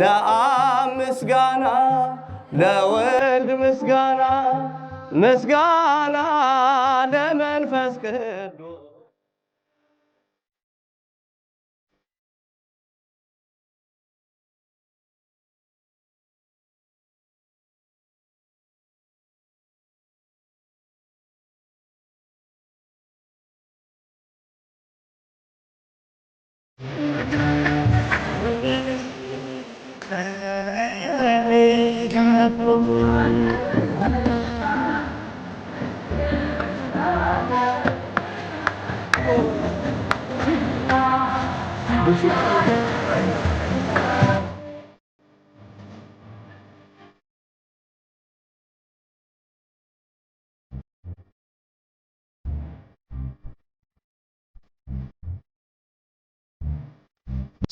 ለአብ ምስጋና ለወልድ ምስጋና ምስጋና ለመንፈስ ቅዱስ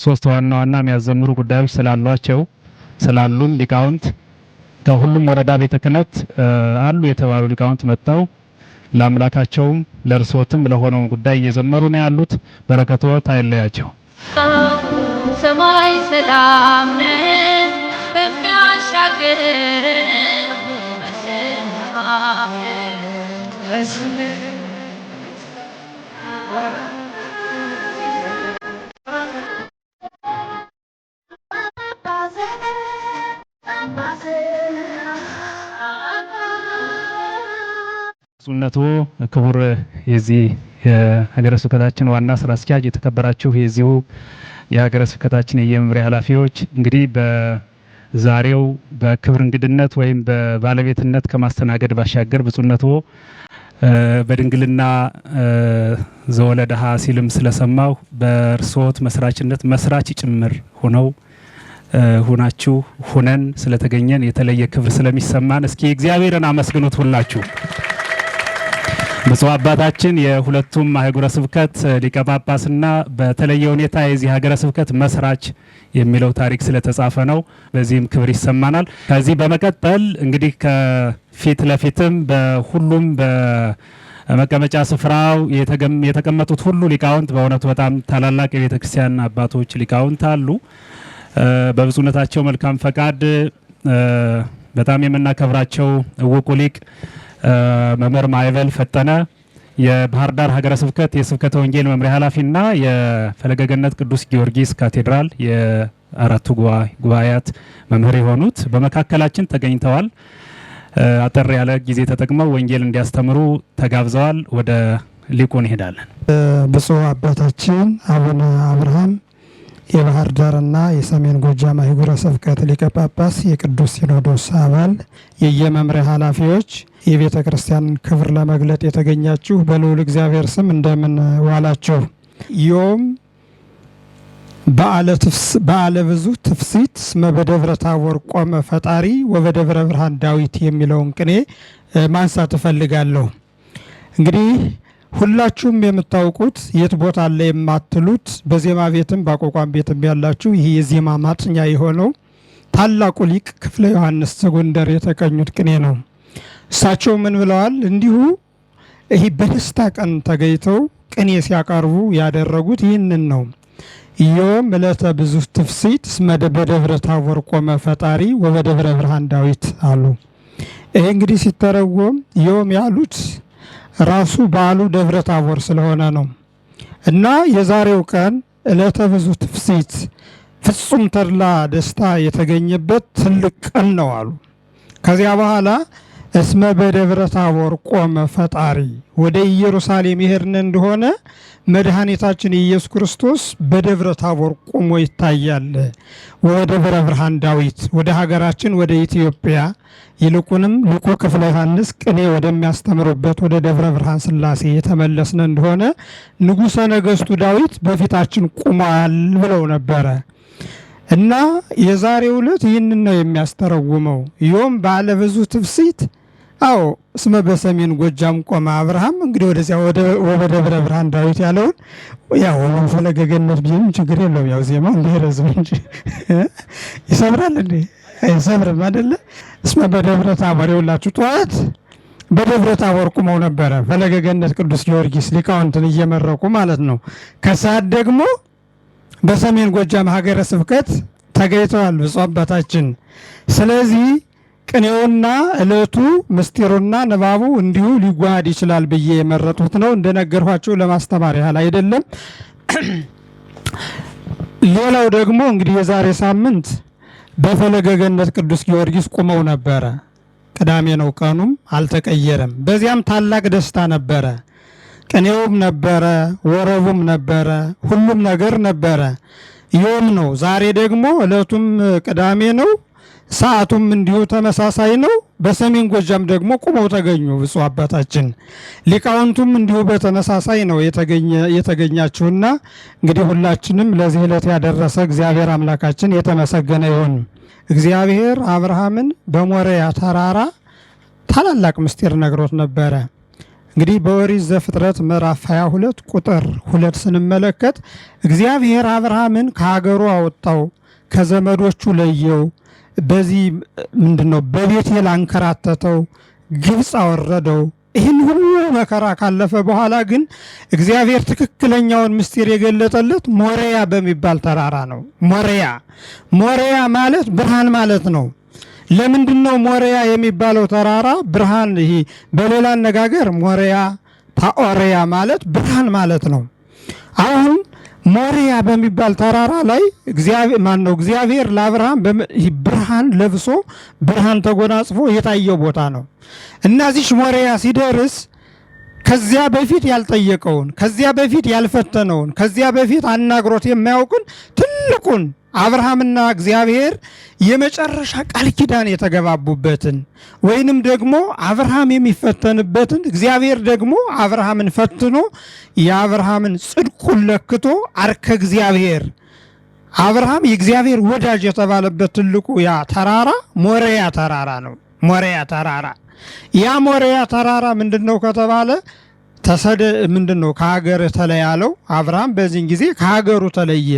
ሶስት ዋና ዋና የሚያዘምሩ ጉዳዮች ስላሏቸው ስላሉን ሊቃውንት ከሁሉም ወረዳ ቤተ ክህነት አሉ የተባሉ ሊቃውንት መጥተው ለአምላካቸውም ለእርሶትም ለሆነው ጉዳይ እየዘመሩ ነው ያሉት። በረከቶ ታይለያቸው። ሰማይ ሰላም ነህ በሚያሻግር እሱነቱ ክቡር የዚህ የሀገረ ስብከታችን ዋና ስራ አስኪያጅ፣ የተከበራችሁ የዚሁ የሀገረ ስብከታችን የመምሪያ ኃላፊዎች እንግዲህ በዛሬው በክብር እንግድነት ወይም በባለቤትነት ከማስተናገድ ባሻገር ብፁዕነቱ በድንግልና ዘወለደሃ ሲልም ስለሰማሁ በእርስዎት መስራችነት መስራች ጭምር ሆነው ሁናችሁ ሁነን ስለተገኘን የተለየ ክብር ስለሚሰማን እስኪ እግዚአብሔርን አመስግኑት ሁላችሁ። ብፁዕ አባታችን የሁለቱም አህጉረ ስብከት ሊቀ ጳጳስና በተለየ ሁኔታ የዚህ ሀገረ ስብከት መስራች የሚለው ታሪክ ስለተጻፈ ነው። በዚህም ክብር ይሰማናል። ከዚህ በመቀጠል እንግዲህ ከፊት ለፊትም በሁሉም በመቀመጫ ስፍራው የተቀመጡት ሁሉ ሊቃውንት በእውነቱ በጣም ታላላቅ የቤተ ክርስቲያን አባቶች ሊቃውንት አሉ። በብፁዕነታቸው መልካም ፈቃድ በጣም የምናከብራቸው እውቁ ሊቅ መምህር ማይበል ፈጠነ የባህር ዳር ሀገረ ስብከት የስብከተ ወንጌል መምሪያ ኃላፊና የፈለገ ገነት ቅዱስ ጊዮርጊስ ካቴድራል የአራቱ ጉባኤያት መምህር የሆኑት በመካከላችን ተገኝተዋል። አጠር ያለ ጊዜ ተጠቅመው ወንጌል እንዲያስተምሩ ተጋብዘዋል። ወደ ሊቁ እንሄዳለን። ብፁዕ አባታችን አቡነ አብርሃም የባህር ዳርና የሰሜን ጎጃም አህጉረ ስብከት ሊቀ ጳጳስ፣ የቅዱስ ሲኖዶስ አባል፣ የየመምሪያ ኃላፊዎች፣ የቤተ ክርስቲያን ክብር ለመግለጥ የተገኛችሁ በልዑል እግዚአብሔር ስም እንደምን ዋላችሁ። ዮም በዓለ ብዙ ትፍሲት መበደብረ ታቦር ቆመ ፈጣሪ ወበደብረ ብርሃን ዳዊት የሚለውን ቅኔ ማንሳት እፈልጋለሁ። እንግዲህ ሁላችሁም የምታውቁት የት ቦታ አለ የማትሉት በዜማ ቤትም በአቋቋም ቤትም ያላችሁ ይህ የዜማ ማጥኛ የሆነው ታላቁ ሊቅ ክፍለ ዮሐንስ ዘጎንደር የተቀኙት ቅኔ ነው። እሳቸው ምን ብለዋል? እንዲሁ ይህ በደስታ ቀን ተገኝተው ቅኔ ሲያቀርቡ ያደረጉት ይህንን ነው። ኢዮብ እለተ ብዙ ትፍሲት በደብረ ታቦር ቆመ ፈጣሪ ወበደብረ ብርሃን ዳዊት አሉ። ይሄ እንግዲህ ሲተረጎም ኢዮብ ያሉት ራሱ በዓሉ ደብረ ታቦር ስለሆነ ነው እና የዛሬው ቀን ዕለተ ብዙ ትፍሲት ፍጹም ተድላ ደስታ የተገኘበት ትልቅ ቀን ነው አሉ። ከዚያ በኋላ እስመ በደብረ ታቦር ቆመ ፈጣሪ። ወደ ኢየሩሳሌም የሄድን እንደሆነ መድኃኒታችን ኢየሱስ ክርስቶስ በደብረ ታቦር ቆሞ ይታያል። ወደብረ ብርሃን ዳዊት ወደ ሀገራችን ወደ ኢትዮጵያ ይልቁንም ልቁ ክፍለ ዮሐንስ ቅኔ ወደሚያስተምሩበት ወደ ደብረ ብርሃን ስላሴ የተመለስን እንደሆነ ንጉሠ ነገሥቱ ዳዊት በፊታችን ቁሟል ብለው ነበረ። እና የዛሬው ዕለት ይህንን ነው የሚያስተረውመው። ዮም ባለ ብዙ ትፍሲት አዎ እስመ በሰሜን ጎጃም ቆመ አብርሃም እንግዲህ ወደዚያ ደብረ ብርሃን ዳዊት ያለውን ያው ፈለገ ገነት ቢም ችግር የለውም። ያው ዜማው እንዲረዝም እንጂ ይሰብራል እንዴ አይሰብርም አይደለ? እስመ በደብረ ታቦር የውላችሁ ጠዋት በደብረ ታቦር ቁመው ነበረ። ፈለገ ገነት ቅዱስ ጊዮርጊስ ሊቃውንትን እየመረቁ ማለት ነው። ከሰዓት ደግሞ በሰሜን ጎጃም ሀገረ ስብከት ተገኝተዋል ብፁዕ አባታችን። ስለዚህ ቅኔውና እለቱ ምስጢሩና ንባቡ እንዲሁ ሊጓድ ይችላል ብዬ የመረጡት ነው። እንደነገርኋችሁ ለማስተማር ያህል አይደለም። ሌላው ደግሞ እንግዲህ የዛሬ ሳምንት በፈለገ ገነት ቅዱስ ጊዮርጊስ ቁመው ነበረ። ቅዳሜ ነው፣ ቀኑም አልተቀየረም። በዚያም ታላቅ ደስታ ነበረ። ቅኔውም ነበረ፣ ወረቡም ነበረ፣ ሁሉም ነገር ነበረ። ዮም ነው። ዛሬ ደግሞ እለቱም ቅዳሜ ነው። ሰዓቱም እንዲሁ ተመሳሳይ ነው። በሰሜን ጎጃም ደግሞ ቁመው ተገኙ ብፁዕ አባታችን። ሊቃውንቱም እንዲሁ በተመሳሳይ ነው የተገኛችሁና እንግዲህ ሁላችንም ለዚህ ዕለት ያደረሰ እግዚአብሔር አምላካችን የተመሰገነ ይሁን። እግዚአብሔር አብርሃምን በሞሪያ ተራራ ታላላቅ ምስጢር ነግሮት ነበረ። እንግዲህ በኦሪት ዘፍጥረት ምዕራፍ 22 ቁጥር ሁለት ስንመለከት እግዚአብሔር አብርሃምን ከሀገሩ አወጣው፣ ከዘመዶቹ ለየው በዚህ ምንድን ነው በቤቴል አንከራተተው፣ ግብፅ አወረደው። ይህን ሁሉ መከራ ካለፈ በኋላ ግን እግዚአብሔር ትክክለኛውን ምስጢር የገለጠለት ሞሪያ በሚባል ተራራ ነው። ሞሪያ ሞሪያ ማለት ብርሃን ማለት ነው። ለምንድን ነው ሞሪያ የሚባለው ተራራ ብርሃን? ይሄ በሌላ አነጋገር ሞሪያ ፓኦሪያ ማለት ብርሃን ማለት ነው። አሁን ሞሪያ በሚባል ተራራ ላይ እግዚአብሔር ማን ነው? እግዚአብሔር ለአብርሃም ብርሃን ለብሶ ብርሃን ተጎናጽፎ የታየው ቦታ ነው እና እዚሽ ሞሪያ ሲደርስ ከዚያ በፊት ያልጠየቀውን ከዚያ በፊት ያልፈተነውን ከዚያ በፊት አናግሮት የማያውቅን ትልቁን አብርሃምና እግዚአብሔር የመጨረሻ ቃል ኪዳን የተገባቡበትን ወይንም ደግሞ አብርሃም የሚፈተንበትን እግዚአብሔር ደግሞ አብርሃምን ፈትኖ የአብርሃምን ጽድቁን ለክቶ አርከ እግዚአብሔር አብርሃም የእግዚአብሔር ወዳጅ የተባለበት ትልቁ ያ ተራራ ሞሪያ ተራራ ነው። ሞሪያ ተራራ ያ ሞሪያ ተራራ ምንድን ነው ከተባለ ተሰደ ምንድን ነው ከሀገር ተለያለው። አብርሃም በዚህን ጊዜ ከሀገሩ ተለየ።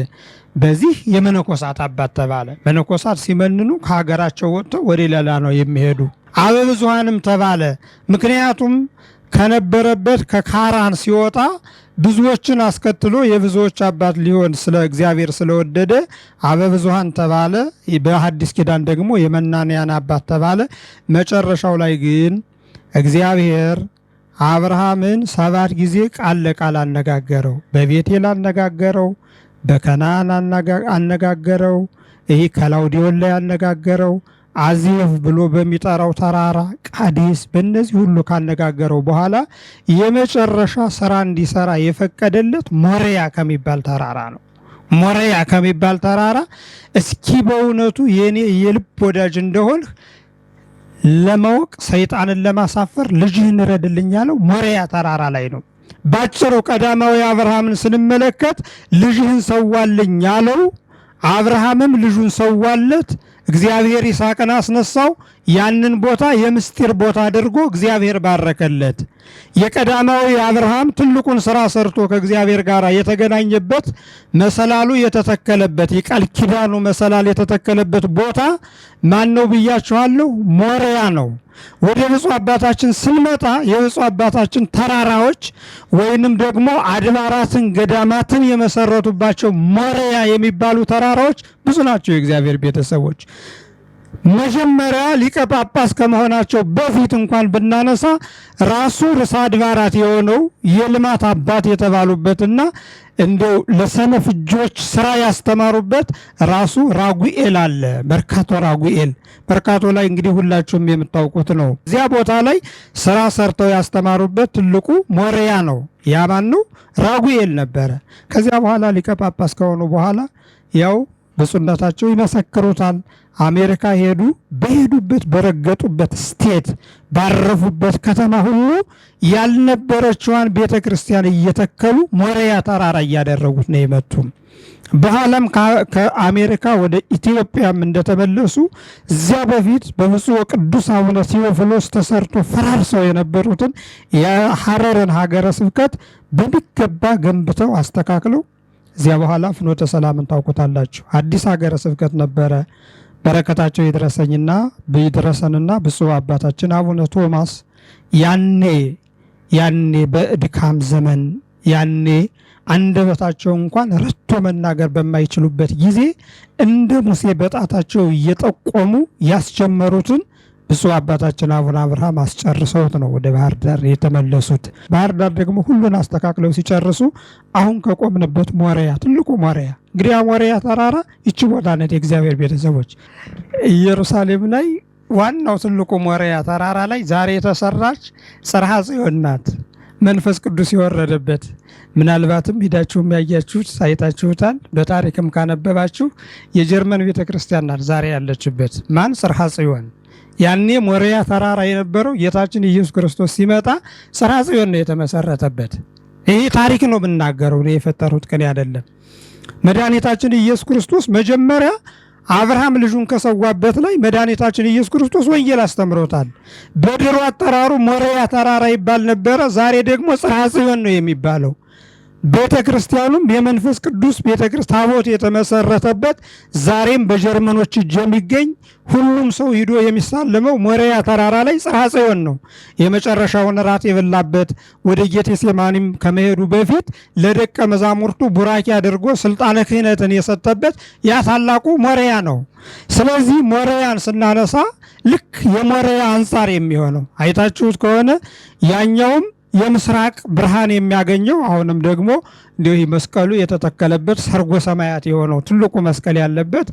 በዚህ የመነኮሳት አባት ተባለ። መነኮሳት ሲመንኑ ከሀገራቸው ወጥተው ወደ ሌላ ነው የሚሄዱ። አበብዙሃንም ተባለ። ምክንያቱም ከነበረበት ከካራን ሲወጣ ብዙዎችን አስከትሎ የብዙዎች አባት ሊሆን ስለ እግዚአብሔር ስለወደደ አበብዙሃን ተባለ። በሐዲስ ኪዳን ደግሞ የመናንያን አባት ተባለ። መጨረሻው ላይ ግን እግዚአብሔር አብርሃምን ሰባት ጊዜ ቃል ለቃል አነጋገረው። በቤቴል አነጋገረው በከናን አነጋገረው። ይህ ከላውዲዮን ላይ አነጋገረው። አዚፍ ብሎ በሚጠራው ተራራ ቃዲስ፣ በእነዚህ ሁሉ ካነጋገረው በኋላ የመጨረሻ ስራ እንዲሰራ የፈቀደለት ሞሪያ ከሚባል ተራራ ነው። ሞሪያ ከሚባል ተራራ እስኪ በእውነቱ የኔ የልብ ወዳጅ እንደሆንህ ለማወቅ ሰይጣንን ለማሳፈር ልጅህን ረድልኝ ያለው ሞሪያ ተራራ ላይ ነው። ባጭሩ ቀዳማዊ አብርሃምን ስንመለከት ልጅህን ሰዋልኝ ያለው አብርሃምም ልጁን ሰዋለት። እግዚአብሔር ይስሐቅን አስነሳው። ያንን ቦታ የምስጢር ቦታ አድርጎ እግዚአብሔር ባረከለት። የቀዳማዊ አብርሃም ትልቁን ስራ ሰርቶ ከእግዚአብሔር ጋር የተገናኘበት መሰላሉ የተተከለበት የቃል ኪዳኑ መሰላል የተተከለበት ቦታ ማን ነው ብያችኋለሁ? ሞሪያ ነው። ወደ ብፁዕ አባታችን ስንመጣ የብፁዕ አባታችን ተራራዎች ወይንም ደግሞ አድባራትን ገዳማትን የመሰረቱባቸው ሞሪያ የሚባሉ ተራራዎች ብዙ ናቸው። የእግዚአብሔር ቤተሰቦች መጀመሪያ ሊቀ ጳጳስ ከመሆናቸው በፊት እንኳን ብናነሳ ራሱ ርዕሰ አድባራት የሆነው የልማት አባት የተባሉበትና እንደው ለሰነፍ እጆች ስራ ያስተማሩበት ራሱ ራጉኤል አለ። መርካቶ ራጉኤል መርካቶ ላይ እንግዲህ ሁላችሁም የምታውቁት ነው። እዚያ ቦታ ላይ ስራ ሰርተው ያስተማሩበት ትልቁ ሞሪያ ነው። ያማን ነው ራጉኤል ነበረ። ከዚያ በኋላ ሊቀ ጳጳስ ከሆኑ በኋላ ያው ብፁዕነታቸው ይመሰክሩታል። አሜሪካ ሄዱ። በሄዱበት በረገጡበት ስቴት ባረፉበት ከተማ ሁሉ ያልነበረችዋን ቤተ ክርስቲያን እየተከሉ ሞሪያ ተራራ እያደረጉት ነው የመጡ። በኋላም ከአሜሪካ ወደ ኢትዮጵያም እንደተመለሱ እዚያ በፊት በብፁዕ ቅዱስ አቡነ ቴዎፍሎስ ተሰርቶ ፈራርሰው የነበሩትን የሐረርን ሀገረ ስብከት በሚገባ ገንብተው አስተካክለው እዚያ በኋላ ፍኖተ ሰላምን ታውቁታላችሁ። አዲስ ሀገረ ስብከት ነበረ። በረከታቸው ይድረሰኝና ይድረሰንና ብፁዕ አባታችን አቡነ ቶማስ ያኔ ያኔ በእድካም ዘመን ያኔ አንደበታቸው እንኳን ረቶ መናገር በማይችሉበት ጊዜ እንደ ሙሴ በጣታቸው እየጠቆሙ ያስጀመሩትን ብፁዕ አባታችን አቡነ አብርሃም አስጨርሰውት ነው ወደ ባህር ዳር የተመለሱት። ባህር ዳር ደግሞ ሁሉን አስተካክለው ሲጨርሱ አሁን ከቆምንበት ሞሪያ ትልቁ ሞሪያ እንግዲህ ሞሪያ ተራራ ይቺ ቦታ ነት የእግዚአብሔር ቤተሰቦች ኢየሩሳሌም ላይ ዋናው ትልቁ ሞሪያ ተራራ ላይ ዛሬ የተሰራች ጽርሐ ጽዮን ናት። መንፈስ ቅዱስ የወረደበት ምናልባትም ሂዳችሁም ያያችሁት ሳይታችሁታል። በታሪክም ካነበባችሁ የጀርመን ቤተክርስቲያን ናት ዛሬ ያለችበት ማን ጽርሐ ጽዮን ያኔ ሞሪያ ተራራ የነበረው ጌታችን ኢየሱስ ክርስቶስ ሲመጣ ጽርሐ ጽዮን ነው የተመሰረተበት። ይህ ታሪክ ነው የምናገረው፣ የፈጠሩት ቅኔ አይደለም። መድኃኒታችን ኢየሱስ ክርስቶስ መጀመሪያ አብርሃም ልጁን ከሰዋበት ላይ መድኃኒታችን ኢየሱስ ክርስቶስ ወንጌል አስተምሮታል። በድሮ አጠራሩ ሞሪያ ተራራ ይባል ነበረ። ዛሬ ደግሞ ጽርሐ ጽዮን ነው የሚባለው። ቤተ ክርስቲያኑም የመንፈስ ቅዱስ ቤተ ታቦት የተመሰረተበት ዛሬም በጀርመኖች እጅ የሚገኝ ሁሉም ሰው ሂዶ የሚሳለመው ሞሪያ ተራራ ላይ ጽርሐ ጽዮን ነው። የመጨረሻውን ራት የበላበት ወደ ጌቴሴማኒም ከመሄዱ በፊት ለደቀ መዛሙርቱ ቡራኪ አድርጎ ስልጣነ ክህነትን የሰጠበት ያ ታላቁ ሞሪያ ነው። ስለዚህ ሞሪያን ስናነሳ ልክ የሞሪያ አንጻር የሚሆነው አይታችሁት ከሆነ ያኛውም የምስራቅ ብርሃን የሚያገኘው አሁንም ደግሞ እንዲሁ መስቀሉ የተተከለበት ሰርጎ ሰማያት የሆነው ትልቁ መስቀል ያለበት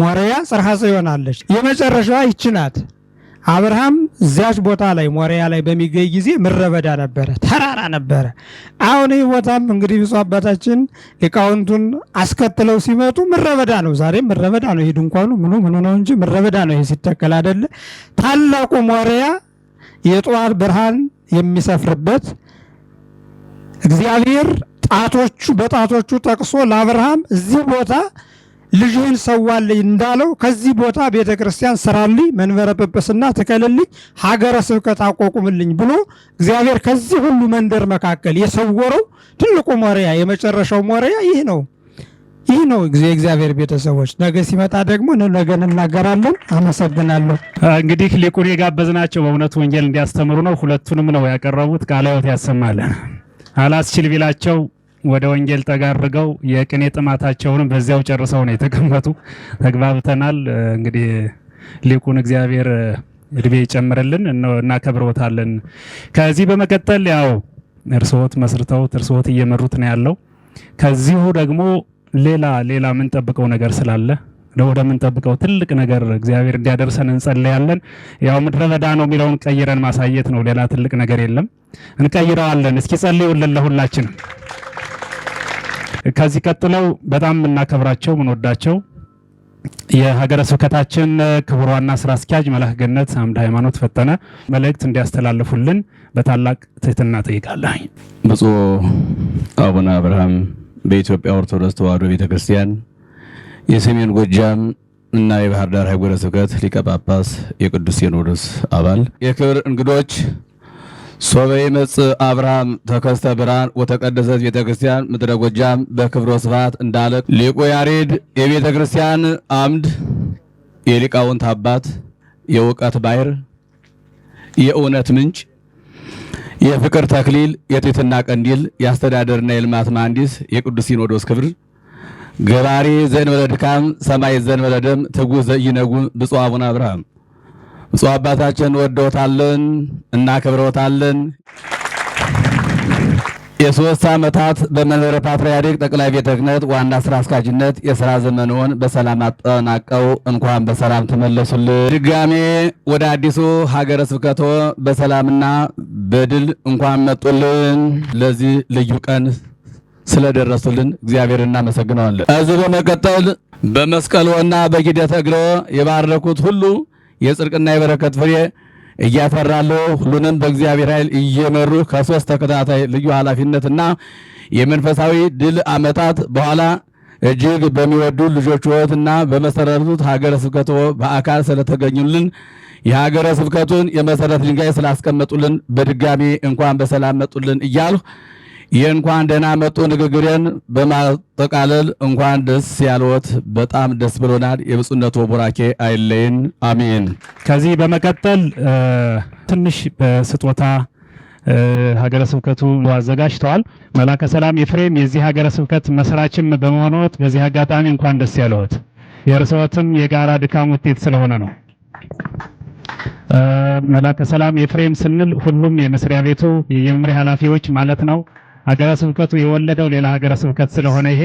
ሞሪያ ጽርሐ ጽዮን አለች። የመጨረሻዋ ይቺ ናት። አብርሃም እዚያች ቦታ ላይ ሞሪያ ላይ በሚገኝ ጊዜ ምድረ በዳ ነበረ፣ ተራራ ነበረ። አሁን ይህ ቦታም እንግዲህ ብፁዕ አባታችን ሊቃውንቱን አስከትለው ሲመጡ ምድረ በዳ ነው። ዛሬም ምድረ በዳ ነው። ይሄ ድንኳኑ ምኑ ምኑ ነው እንጂ ምድረ በዳ ነው። ይሄ ሲተከል አደለ። ታላቁ ሞሪያ የጠዋት ብርሃን የሚሰፍርበት እግዚአብሔር ጣቶቹ በጣቶቹ ጠቅሶ ለአብርሃም እዚህ ቦታ ልጅህን ሰዋልኝ እንዳለው ከዚህ ቦታ ቤተ ክርስቲያን ስራልኝ፣ መንበረ ጵጵስና ትከልልኝ፣ ሀገረ ስብከት አቋቁምልኝ ብሎ እግዚአብሔር ከዚህ ሁሉ መንደር መካከል የሰወረው ትልቁ ሞሪያ የመጨረሻው ሞሪያ ይህ ነው። ይህ ነው የእግዚአብሔር ቤተሰቦች። ነገ ሲመጣ ደግሞ ነገን እናገራለን። አመሰግናለሁ። እንግዲህ ሊቁን የጋበዝናቸው በእውነቱ ወንጌል እንዲያስተምሩ ነው። ሁለቱንም ነው ያቀረቡት። ቃለ ሕይወት ያሰማለን። አላስችል ቢላቸው ወደ ወንጌል ጠጋርገው የቅኔ ጥማታቸውንም በዚያው ጨርሰው ነው የተቀመጡ። ተግባብተናል። እንግዲህ ሊቁን እግዚአብሔር እድሜ ይጨምርልን፣ እናከብረዎታለን። ከዚህ በመቀጠል ያው እርስዎት መስርተውት እርስዎት እየመሩት ነው ያለው ከዚሁ ደግሞ ሌላ ሌላ የምንጠብቀው ነገር ስላለ ወደ ምንጠብቀው ትልቅ ነገር እግዚአብሔር እንዲያደርሰን እንጸለያለን። ያው ምድረ በዳ ነው የሚለውን ቀይረን ማሳየት ነው። ሌላ ትልቅ ነገር የለም። እንቀይረዋለን። እስኪ ጸልዩልን ለሁላችንም። ከዚህ ቀጥለው በጣም የምናከብራቸው የምንወዳቸው የሀገረ ስብከታችን ክቡር ዋና ስራ አስኪያጅ መልአከ ገነት አምድ ሃይማኖት ፈጠነ መልእክት እንዲያስተላልፉልን በታላቅ ትህትና ጠይቃለሁ። ብፁዕ አቡነ አብርሃም በኢትዮጵያ ኦርቶዶክስ ተዋሕዶ ቤተክርስቲያን የሰሜን ጎጃም እና የባህር ዳር ሀገረ ስብከት ሊቀ ጳጳስ የቅዱስ ሲኖዶስ አባል የክብር እንግዶች ሶበይ መጽ አብርሃም ተከስተ ብርሃን ወተቀደሰት ቤተ ክርስቲያን ምድረ ጎጃም በክብረ ስፋት እንዳለ ሊቁ ያሬድ የቤተ ክርስቲያን አምድ የሊቃውንት አባት የእውቀት ባይር የእውነት ምንጭ የፍቅር ተክሊል የጥትና ቀንዲል የአስተዳደርና የልማት መሐንዲስ የቅዱስ ሲኖዶስ ክብር ገባሬ ዘእንበለ ድካም ሰማይ ዘእንበለ ደም ትጉህ ዘይነጉ ብፁዕ አቡነ አብርሃም ብፁዕ አባታችን ወደውታለን፣ እናከብረውታለን። የሶስት ዓመታት በመንበረ ፓትርያርክ ጠቅላይ ቤተ ክህነት ዋና ስራ አስኪያጅነት የስራ ዘመንዎን በሰላም አጠናቀው እንኳን በሰላም ተመለሱልን። ድጋሜ ወደ አዲሱ ሀገረ ስብከቶ በሰላምና በድል እንኳን መጡልን። ለዚህ ልዩ ቀን ስለደረሱልን እግዚአብሔር እናመሰግነዋለን። እዚህ በመቀጠል በመስቀሎና በኪደተ እግሮ የባረኩት ሁሉ የጽድቅና የበረከት ፍሬ እያፈራለሁ ሁሉንም በእግዚአብሔር ኃይል እየመሩ ከሶስት ተከታታይ ልዩ ኃላፊነትና የመንፈሳዊ ድል ዓመታት በኋላ እጅግ በሚወዱ ልጆች ሕይወትና በመሰረቱት ሀገረ ስብከቶ በአካል ስለተገኙልን የሀገረ ስብከቱን የመሰረት ድንጋይ ስላስቀመጡልን በድጋሚ እንኳን በሰላም መጡልን እያልሁ የእንኳን ደህና መጡ ንግግሬን በማጠቃለል እንኳን ደስ ያለዎት። በጣም ደስ ብሎናል። የብፁዕነቱ ቡራኬ አይለይን። አሜን። ከዚህ በመቀጠል ትንሽ በስጦታ ሀገረ ስብከቱ አዘጋጅተዋል። መላከ ሰላም ኤፍሬም የዚህ ሀገረ ስብከት መስራችም በመሆኖት በዚህ አጋጣሚ እንኳን ደስ ያለዎት። የእርስዎትም የጋራ ድካም ውጤት ስለሆነ ነው። መላከ ሰላም ኤፍሬም ስንል ሁሉም የመስሪያ ቤቱ የመምሪያ ኃላፊዎች ማለት ነው። ሀገረ ስብከቱ የወለደው ሌላ ሀገረ ስብከት ስለሆነ ይሄ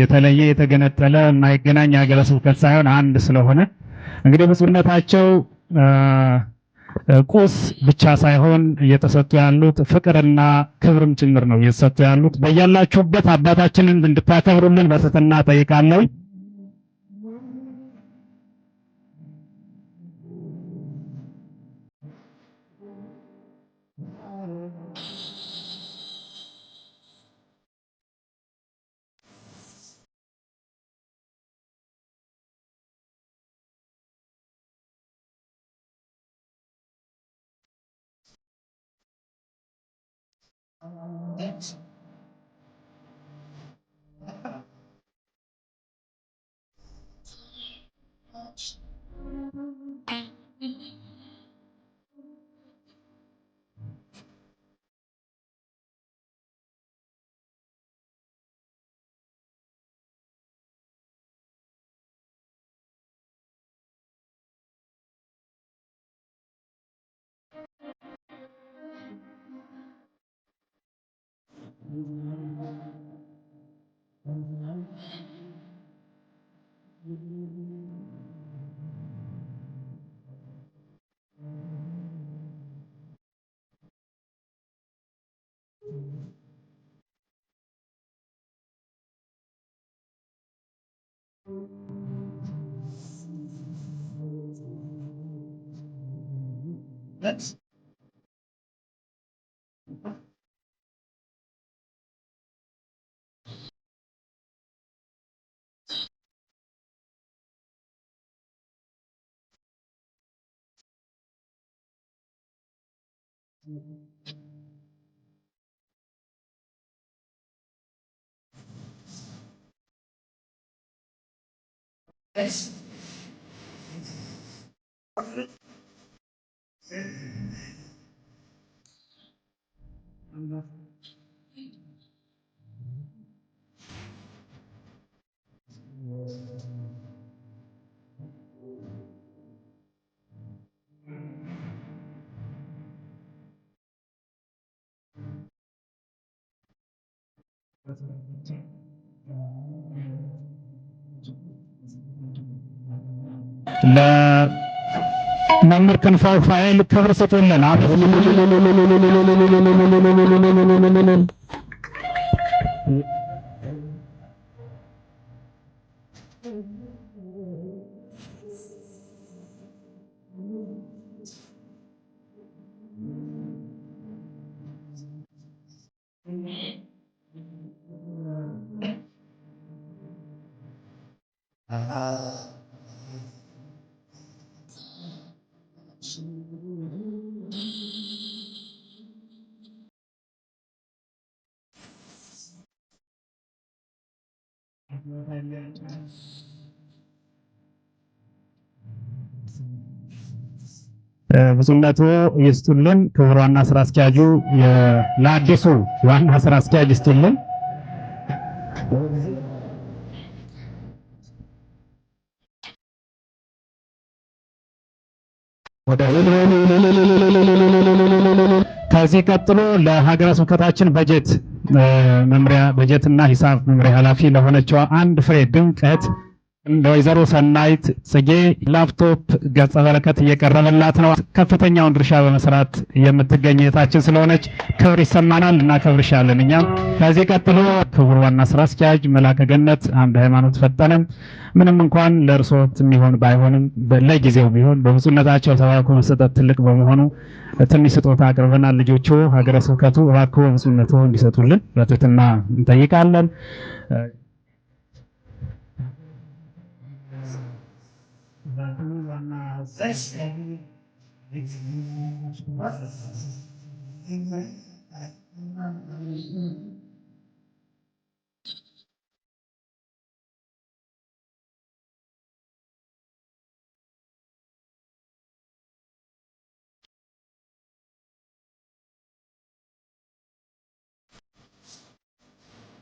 የተለየ የተገነጠለ የማይገናኝ ሀገረ ስብከት ሳይሆን አንድ ስለሆነ እንግዲህ ብፁዕነታቸው ቁስ ብቻ ሳይሆን እየተሰጡ ያሉት ፍቅርና ክብርም ጭምር ነው እየተሰጡ ያሉት። በያላችሁበት አባታችንን እንድታከብሩልን በትህትና ጠይቃለሁ። Thanks. Let's Yes. I'm not. ለመምህር ክንፈ ፋይል ክብር ስጡልን። ብፁዕነቱ ይስጡልን። ክቡር ዋና ስራ አስኪያጁ ለአዲሱ ዋና ስራ አስኪያጅ ይስጡልን። ከዚህ ቀጥሎ ለሀገረ ስብከታችን በጀት መምሪያ በጀትና ሂሳብ መምሪያ ኃላፊ ለሆነችው አንድ ፍሬ ድምቀት እንደ ሰናይት ጽጌ ላፕቶፕ ገጸ በረከት እየቀረበላት ነው። ከፍተኛውን ድርሻ በመስራት የምትገኝ እህታችን ስለሆነች ክብር ይሰማናል፣ እናከብርሻለን። እኛም ከዚህ ቀጥሎ ክቡር ዋና ስራ አስኪያጅ መላከ ገነት አምደ ሃይማኖት ፈጠነም ምንም እንኳን ለእርስዎት የሚሆን ባይሆንም ለጊዜው ቢሆን በብፁዕነታቸው ተባርኮ መሰጠት ትልቅ በመሆኑ ትንሽ ስጦታ አቅርበናል። ልጆቹ ሀገረ ስብከቱ እባክዎ ብፁዕነቱ እንዲሰጡልን በትህትና እንጠይቃለን። Amen.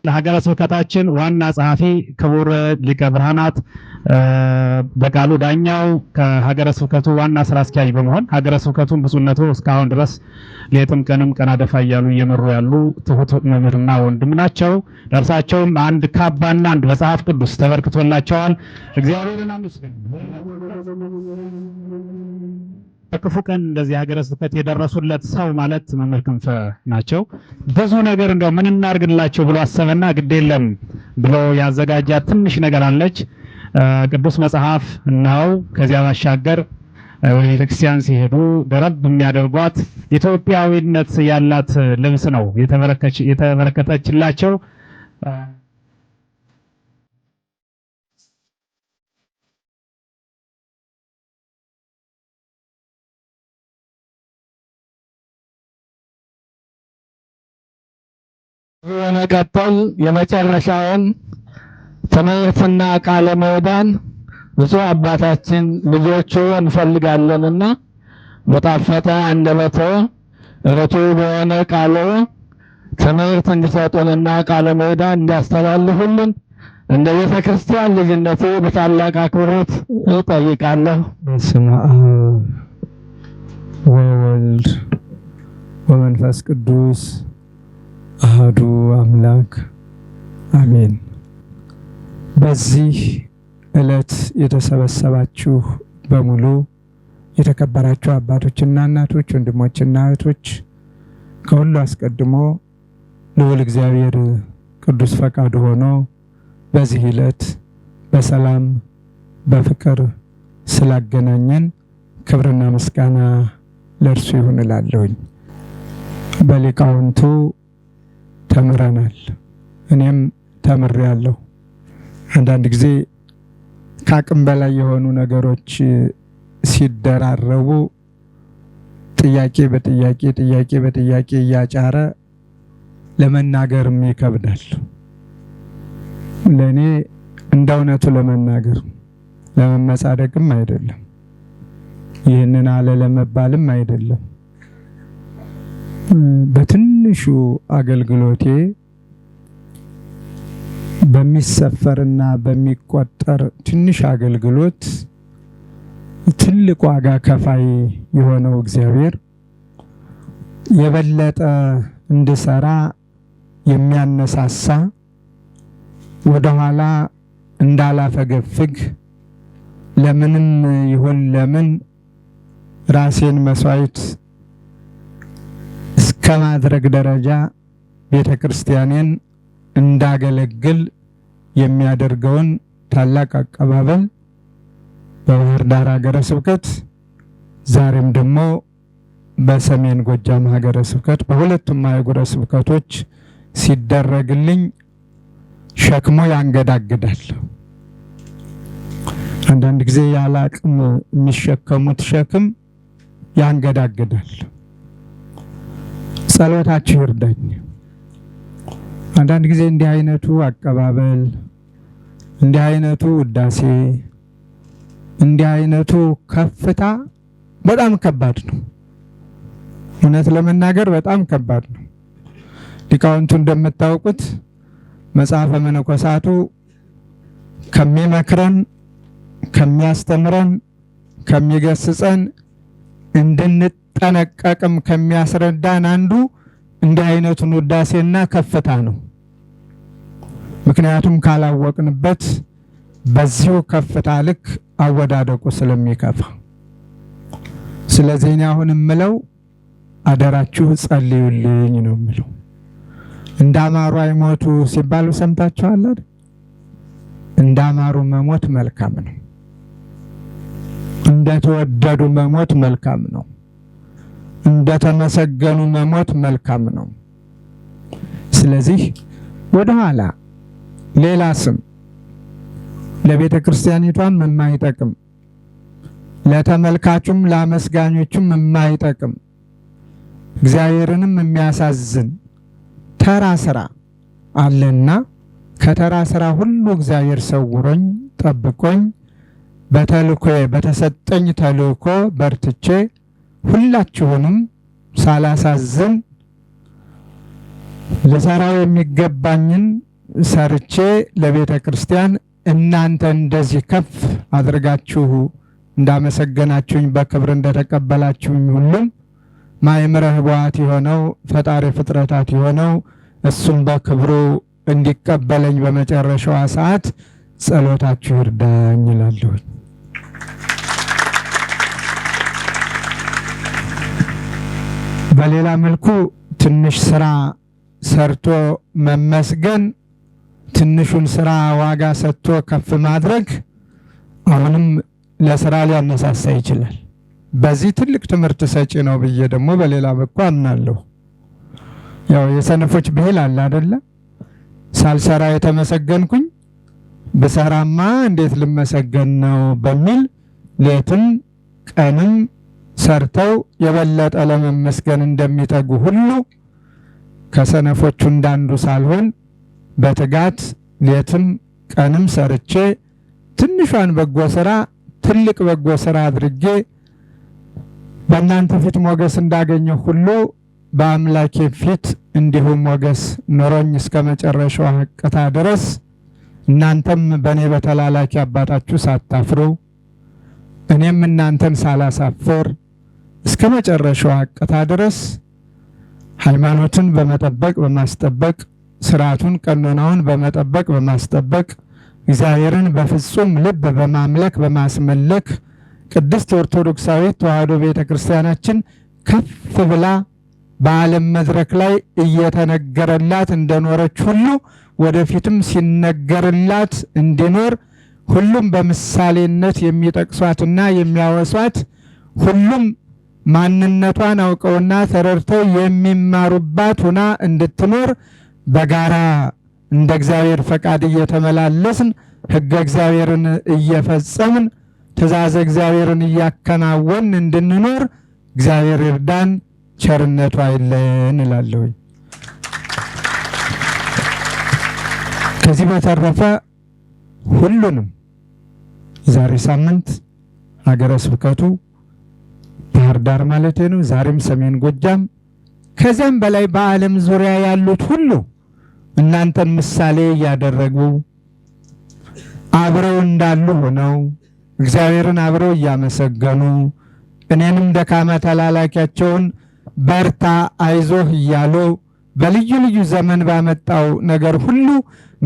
ለሀገረ ስብከታችን ዋና ጸሐፊ ክቡር ሊቀ ብርሃናት በቃሉ ዳኛው ከሀገረ ስብከቱ ዋና ስራ አስኪያጅ በመሆን ሀገረ ስብከቱን ብፁዕነቱ እስካሁን ድረስ ሌትም ቀንም ቀናደፋ እያሉ እየመሩ ያሉ ትሁት መምህርና ወንድም ናቸው። ለእርሳቸውም አንድ ካባና አንድ መጽሐፍ ቅዱስ ተበርክቶላቸዋል። እግዚአብሔርን አመስግኑ። በክፉ ቀን እንደዚህ ሀገረ ስብከት የደረሱለት ሰው ማለት መምህር ክንፈ ናቸው። ብዙ ነገር እንደው ምን እናርግላቸው ብሎ አሰበና ግድ የለም ብሎ ያዘጋጃት ትንሽ ነገር አለች ቅዱስ መጽሐፍ ነው። ከዚያ ባሻገር ቤተክርስቲያን ሲሄዱ ደረብ የሚያደርጓት ኢትዮጵያዊነት ያላት ልብስ ነው የተበረከተችላቸው። በመቀጠል የመጨረሻውን ትምህርትና ቃለ ምዕዳን ብፁዕ አባታችን ልጆቹ እንፈልጋለንና በጣፈጠ አንደበቶ ርቱዕ በሆነ ቃሎ ትምህርት እንዲሰጡንና ቃለ ምዕዳን እንዲያስተላልፉልን እንደ ቤተ ክርስቲያን ልጅነቱ በታላቅ አክብሮት እጠይቃለሁ። በስመ አብ ወወልድ ወመንፈስ ቅዱስ አህዱ አምላክ አሜን። በዚህ ዕለት የተሰበሰባችሁ በሙሉ የተከበራችሁ አባቶችና እናቶች፣ ወንድሞችና እህቶች ከሁሉ አስቀድሞ ልዑል እግዚአብሔር ቅዱስ ፈቃድ ሆኖ በዚህ ዕለት በሰላም በፍቅር ስላገናኘን ክብርና ምስጋና ለእርሱ ይሁን እላለሁኝ። በሊቃውንቱ ተምረናል። እኔም ተምሬያለሁ። አንዳንድ ጊዜ ከአቅም በላይ የሆኑ ነገሮች ሲደራረቡ ጥያቄ በጥያቄ ጥያቄ በጥያቄ እያጫረ ለመናገርም ይከብዳል። ለእኔ እንደ እውነቱ ለመናገር ለመመጻደቅም አይደለም፣ ይህንን አለ ለመባልም አይደለም በትንሹ አገልግሎቴ በሚሰፈርና በሚቆጠር ትንሽ አገልግሎት ትልቅ ዋጋ ከፋይ የሆነው እግዚአብሔር የበለጠ እንድሰራ የሚያነሳሳ ወደኋላ እንዳላፈገፍግ ለምንም ይሁን ለምን ራሴን መስዋዕት ከማድረግ ደረጃ ቤተ ክርስቲያኔን እንዳገለግል የሚያደርገውን ታላቅ አቀባበል በባህር ዳር ሀገረ ስብከት ዛሬም ደግሞ በሰሜን ጎጃም ሀገረ ስብከት በሁለቱም አህጉረ ስብከቶች ሲደረግልኝ ሸክሞ ያንገዳግዳል። አንዳንድ ጊዜ ያለ አቅም የሚሸከሙት ሸክም ያንገዳግዳል። ጸሎታችሁ ይርዳኝ። አንዳንድ ጊዜ እንዲህ አይነቱ አቀባበል፣ እንዲህ አይነቱ ውዳሴ፣ እንዲህ አይነቱ ከፍታ በጣም ከባድ ነው። እውነት ለመናገር በጣም ከባድ ነው። ሊቃውንቱ እንደምታውቁት መጽሐፈ መነኮሳቱ ከሚመክረን፣ ከሚያስተምረን፣ ከሚገስጸን እንድን እንድንጠነቀቅም ከሚያስረዳን አንዱ እንዲህ አይነቱን ውዳሴና ከፍታ ነው። ምክንያቱም ካላወቅንበት በዚሁ ከፍታ ልክ አወዳደቁ ስለሚከፋ፣ ስለዚህ እኔ አሁን የምለው አደራችሁ ጸልዩልኝ ነው የምለው። እንደ አማሩ አይሞቱ ሲባሉ ሰምታችኋል። እንደ አማሩ መሞት መልካም ነው። እንደተወደዱ መሞት መልካም ነው። እንደተመሰገኑ መሞት መልካም ነው። ስለዚህ ወደ ኋላ ሌላ ስም ለቤተ ክርስቲያኒቷም የማይጠቅም ለተመልካቹም ለአመስጋኞቹም የማይጠቅም እግዚአብሔርንም የሚያሳዝን ተራ ስራ አለና ከተራ ስራ ሁሉ እግዚአብሔር ሰውሮኝ ጠብቆኝ በተልኮ በተሰጠኝ ተልኮ በርትቼ ሁላችሁንም ሳላሳዝን ልሰራው የሚገባኝን ሰርቼ ለቤተ ክርስቲያን እናንተ እንደዚህ ከፍ አድርጋችሁ እንዳመሰገናችሁኝ በክብር እንደተቀበላችሁኝ ሁሉም ማእምረ ኅቡዓት የሆነው ፈጣሪ ፍጥረታት የሆነው እሱም በክብሩ እንዲቀበለኝ በመጨረሻዋ ሰዓት ጸሎታችሁ ይርዳኝ በሌላ መልኩ ትንሽ ስራ ሰርቶ መመስገን፣ ትንሹን ስራ ዋጋ ሰጥቶ ከፍ ማድረግ አሁንም ለስራ ሊያነሳሳ ይችላል። በዚህ ትልቅ ትምህርት ሰጪ ነው ብዬ ደግሞ በሌላ በኩል አምናለሁ። ያው የሰነፎች ብሂል አለ አደለ? ሳልሰራ የተመሰገንኩኝ ብሰራማ እንዴት ልመሰገን ነው በሚል ሌትም ቀንም ሰርተው የበለጠ ለመመስገን እንደሚተጉ ሁሉ ከሰነፎቹ እንዳንዱ ሳልሆን በትጋት ሌትም ቀንም ሰርቼ ትንሿን በጎ ስራ ትልቅ በጎ ስራ አድርጌ በእናንተ ፊት ሞገስ እንዳገኘ ሁሉ በአምላኬ ፊት እንዲሁም ሞገስ ኖሮኝ እስከ መጨረሻው ቅታ ድረስ እናንተም በእኔ በተላላኪ አባታችሁ ሳታፍሩ እኔም እናንተን ሳላሳፍር እስከ መጨረሻዋ ቀታ ድረስ ሃይማኖትን በመጠበቅ በማስጠበቅ ስርዓቱን ቀኖናውን በመጠበቅ በማስጠበቅ እግዚአብሔርን በፍጹም ልብ በማምለክ በማስመለክ ቅድስት ኦርቶዶክሳዊት ተዋሕዶ ቤተ ክርስቲያናችን ከፍ ብላ በዓለም መድረክ ላይ እየተነገረላት እንደኖረች ሁሉ ወደፊትም ሲነገርላት እንዲኖር ሁሉም በምሳሌነት የሚጠቅሷትና የሚያወሷት ሁሉም ማንነቷን አውቀውና ተረድተው የሚማሩባት ሁና እንድትኖር በጋራ እንደ እግዚአብሔር ፈቃድ እየተመላለስን ሕገ እግዚአብሔርን እየፈጸምን ትእዛዘ እግዚአብሔርን እያከናወን እንድንኖር እግዚአብሔር ይርዳን፣ ቸርነቱ አይለን እላለሁኝ። ከዚህ በተረፈ ሁሉንም የዛሬ ሳምንት ሀገረ ስብከቱ ባህር ዳር ማለት ነው፣ ዛሬም ሰሜን ጎጃም፣ ከዚያም በላይ በዓለም ዙሪያ ያሉት ሁሉ እናንተን ምሳሌ እያደረጉ አብረው እንዳሉ ሆነው እግዚአብሔርን አብረው እያመሰገኑ እኔንም ደካማ ተላላኪያቸውን በርታ አይዞህ እያሉ በልዩ ልዩ ዘመን ባመጣው ነገር ሁሉ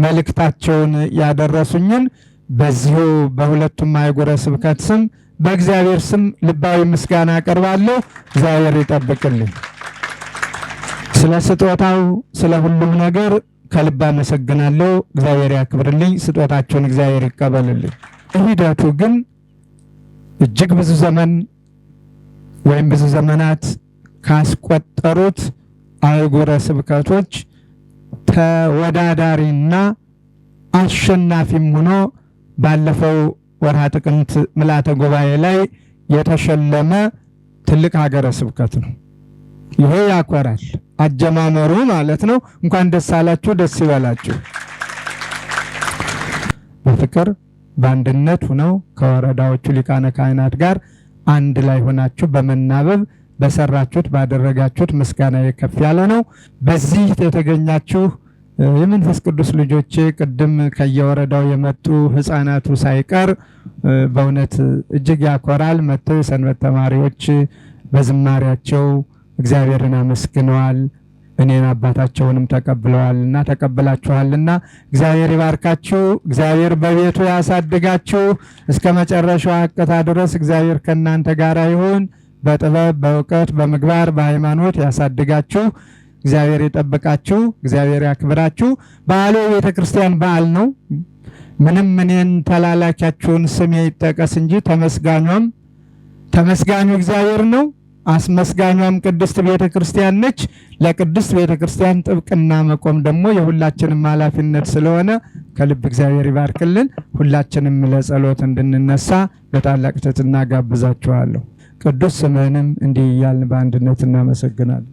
መልእክታቸውን ያደረሱኝን በዚሁ በሁለቱም አህጉረ ስብከት ስም በእግዚአብሔር ስም ልባዊ ምስጋና አቀርባለሁ። እግዚአብሔር ይጠብቅልኝ። ስለ ስጦታው ስለ ሁሉም ነገር ከልብ አመሰግናለሁ። እግዚአብሔር ያክብርልኝ። ስጦታቸውን እግዚአብሔር ይቀበልልኝ። ሂደቱ ግን እጅግ ብዙ ዘመን ወይም ብዙ ዘመናት ካስቆጠሩት አህጉረ ስብከቶች ተወዳዳሪና አሸናፊም ሆኖ ባለፈው ወርሃ ጥቅምት ምልዓተ ጉባኤ ላይ የተሸለመ ትልቅ ሀገረ ስብከት ነው። ይሄ ያኮራል። አጀማመሩ ማለት ነው። እንኳን ደስ አላችሁ፣ ደስ ይበላችሁ። በፍቅር በአንድነት ሁነው ከወረዳዎቹ ሊቃነ ካህናት ጋር አንድ ላይ ሆናችሁ በመናበብ በሰራችሁት ባደረጋችሁት ምስጋና የከፍ ያለ ነው። በዚህ የተገኛችሁ የመንፈስ ቅዱስ ልጆቼ ቅድም ከየወረዳው የመጡ ህፃናቱ ሳይቀር በእውነት እጅግ ያኮራል። መጥተው የሰንበት ተማሪዎች በዝማሪያቸው እግዚአብሔርን አመስግነዋል። እኔን አባታቸውንም ተቀብላችኋል እና እግዚአብሔር ይባርካችሁ። እግዚአብሔር በቤቱ ያሳድጋችሁ። እስከ መጨረሻው አቀታ ድረስ እግዚአብሔር ከእናንተ ጋር ይሁን። በጥበብ በእውቀት በምግባር በሃይማኖት ያሳድጋችሁ። እግዚአብሔር የጠበቃችሁ፣ እግዚአብሔር ያክብራችሁ። በዓሉ የቤተ ክርስቲያን በዓል ነው። ምንም እኔን ተላላኪያችሁን ስም ይጠቀስ እንጂ ተመስጋኟም ተመስጋኙ እግዚአብሔር ነው። አስመስጋኟም ቅድስት ቤተ ክርስቲያን ነች። ለቅድስት ቤተ ክርስቲያን ጥብቅና መቆም ደግሞ የሁላችንም ኃላፊነት ስለሆነ ከልብ እግዚአብሔር ይባርክልን። ሁላችንም ለጸሎት እንድንነሳ በታላቅ ትሕትና ጋብዛችኋለሁ። ቅዱስ ስምህንም እንዲህ እያልን በአንድነት እናመሰግናለን።